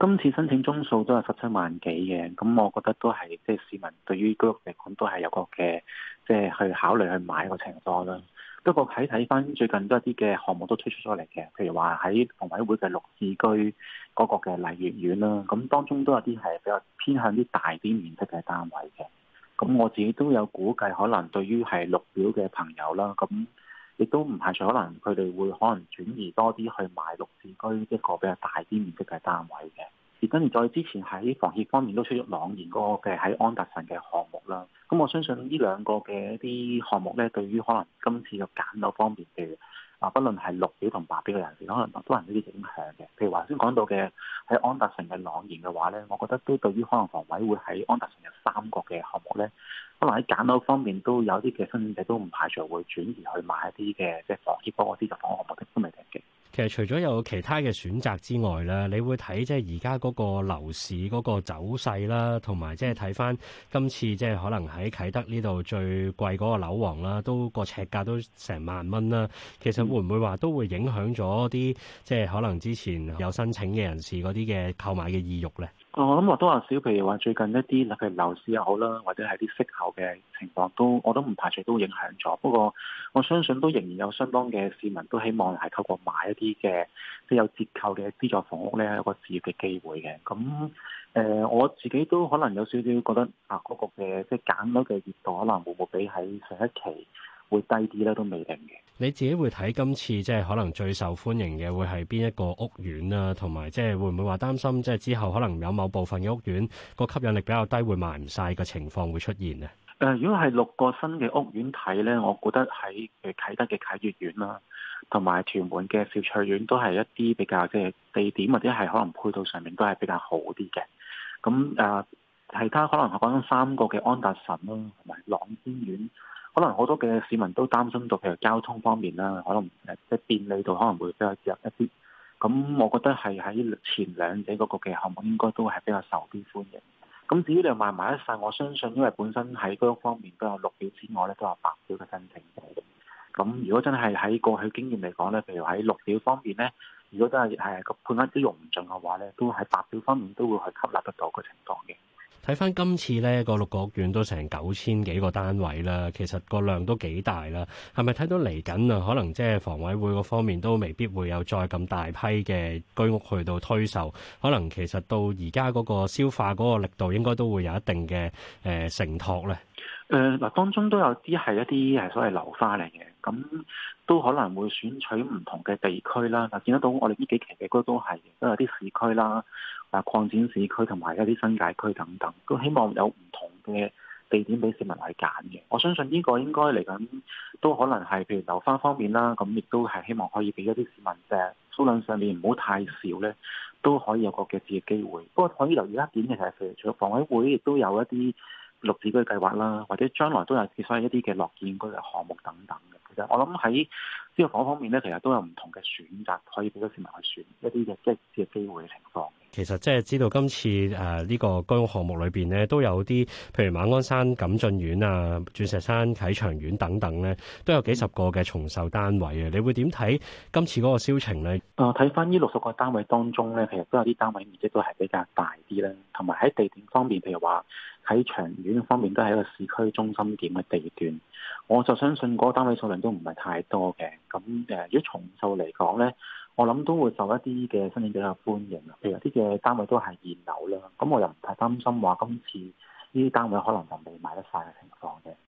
今次申請宗數都係十七萬幾嘅，咁我覺得都係即係市民對於居屋嚟講都係有個嘅，即係去考慮去買個情況啦。不過睇睇翻最近都有啲嘅項目都推出咗嚟嘅，譬如話喺房委會嘅綠置居嗰個嘅麗玥苑啦，咁當中都有啲係比較偏向啲大啲面積嘅單位嘅。咁我自己都有估計，可能對於係綠表嘅朋友啦，咁。亦都唔排除，可能佢哋會可能轉移多啲去買綠置居一個比較大啲面積嘅單位嘅，而跟住再之前喺房協方面都出咗朗然嗰個嘅喺安達臣嘅項目啦。咁我相信呢兩個嘅一啲項目咧，對於可能今次嘅揀樓方面嘅。嗱，不論係綠表同白表嘅人士，可能都係呢啲影響嘅。譬如話先講到嘅喺安達城嘅朗然嘅話咧，我覺得都對於可能房委會喺安達城嘅三個嘅項目咧，可能喺揀樓方面都有啲嘅申請者都唔排除會轉移去買一啲嘅即係房協嗰啲入房項目都明？其實除咗有其他嘅選擇之外咧，你會睇即係而家嗰個樓市嗰個走勢啦，同埋即係睇翻今次即係可能喺啟德呢度最貴嗰個樓王啦，都個呎價都成萬蚊啦。其實會唔會話都會影響咗啲即係可能之前有申請嘅人士嗰啲嘅購買嘅意欲咧？我諗或多或少，譬如話最近一啲例如樓市又好啦，或者係啲息口嘅情況都，我都唔排除都影響咗。不過我相信都仍然有相當嘅市民都希望係透過買一啲嘅即係有折扣嘅資助房屋咧，係一個置業嘅機會嘅。咁誒、呃，我自己都可能有少少覺得啊，嗰個嘅即係揀樓嘅熱度可能會唔會比喺上一期會低啲啦，都未定嘅。你自己會睇今次即係可能最受歡迎嘅會係邊一個屋苑啊？同埋即係會唔會話擔心即係之後可能有某部分嘅屋苑個吸引力比較低，會賣唔晒嘅情況會出現呢？誒，如果係六個新嘅屋苑睇呢，我覺得喺誒啟德嘅啟業苑、啟悅苑啦，同埋屯門嘅兆翠苑都係一啲比較即係地點或者係可能配套上面都係比較好啲嘅。咁誒、呃，其他可能我講緊三個嘅安達臣啦，同埋朗天苑。可能好多嘅市民都擔心到，譬如交通方面啦，可能即係便利度可能會比較弱一啲。咁我覺得係喺前兩者嗰個嘅項目應該都係比較受啲歡迎。咁至於你萬埋一細，我相信因為本身喺嗰方面都有綠表之外咧都有白表嘅申請。咁如果真係喺過去經驗嚟講咧，譬如喺綠表方面咧，如果都係係個配額都用唔盡嘅話咧，都喺白表方面都會去吸納得到嘅情況嘅。睇翻今次咧個六個苑都成九千幾個單位啦，其實個量都幾大啦。係咪睇到嚟緊啊？可能即係房委會個方面都未必會有再咁大批嘅居屋去到推售。可能其實到而家嗰個消化嗰個力度，應該都會有一定嘅誒承托咧。誒嗱、呃，當中都有啲係一啲誒所謂流花嚟嘅。咁都可能會選取唔同嘅地區啦，就見得到我哋呢幾期嘅都都係都有啲市區啦，啊擴展市區同埋一啲新界區等等，都希望有唔同嘅地點俾市民去揀嘅。我相信呢個應該嚟緊都可能係譬如樓花方面啦，咁亦都係希望可以俾一啲市民嘅數量上面唔好太少呢，都可以有個置業機會。不過可以留意一點嘅就係譬如除咗房委會，亦都有一啲綠置居計劃啦，或者將來都有設施一啲嘅樂建居嘅項目等等嘅。其實我諗喺呢個房方面咧，其實都有唔同嘅選擇，可以俾啲市民去選一啲嘅即係機會嘅情況。其實即係知道今次誒呢、呃這個居屋、這個那個、項目裏邊咧，都有啲譬如馬鞍山錦駿苑啊、鑽石山啟祥苑等等咧，都有幾十個嘅重售單位啊。你會點睇今次嗰個銷情咧？啊、呃，睇翻呢六十個單位當中咧，其實都有啲單位面積都係比較大啲啦，同埋喺地點方面，譬如話。喺長遠方面都係一個市區中心點嘅地段，我就相信嗰個單位數量都唔係太多嘅。咁誒、呃，如果重售嚟講呢，我諗都會受一啲嘅申請者歡迎，譬如啲嘅單位都係現樓啦，咁我又唔太擔心話今次呢啲單位可能就未買得晒嘅情況嘅。